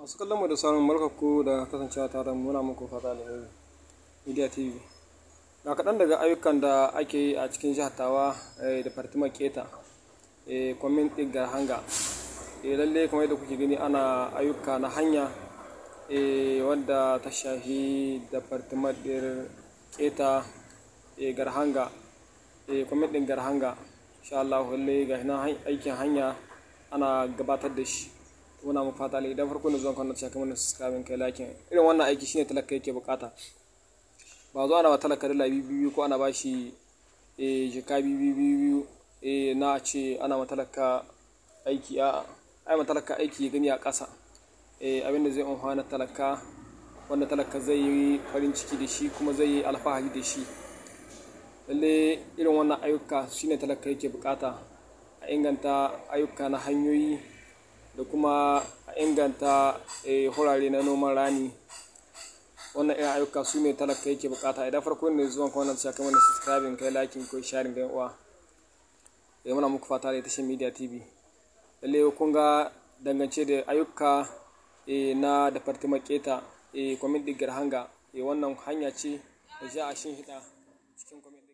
masu kallon mu da samun barkar da kasancewa tare muna muku fata alheri media tv na kaɗan daga ayyukan da ake yi a cikin jihar tawa eh, da fartima keta eh, kwamin ɗigar hanga eh, lalle kamar yadda kuke gani ana ayyuka na hanya wadda ta shafi da fartima ɗir keta garhanga kwamin ɗin garhanga sha Allah lalle ga aikin hanya ana gabatar da shi muna mu fata idan farko ne zuwan kwanan shaka mana subscribing kai lakin irin wannan aiki shine talaka yake bukata ba zuwa na ba talaka da labi biyu ko ana bashi eh jika biyu biyu eh na ce ana ma talaka aiki a ai ma talaka aiki gani a ƙasa eh, abinda zai da zai amfana talaka wanda talaka zai yi farin ciki da shi kuma zai yi alfahari da shi lalle irin wannan ayyuka shine talaka yake bukata a inganta ayyuka na hanyoyi da kuma a inganta hurare eh, na noman rani wannan irin ayyuka su ne talaka yake bukata idan farko ne zuwan kwanan ta kamar da subscribing kai liking ko sharing ga uwa ya eh, muna muku fata da tashin media tv lalle kun ga dangance da ayyuka eh, na da fartima keta kwamin digar hanga wannan hanya ce da za a shin hita cikin kwamin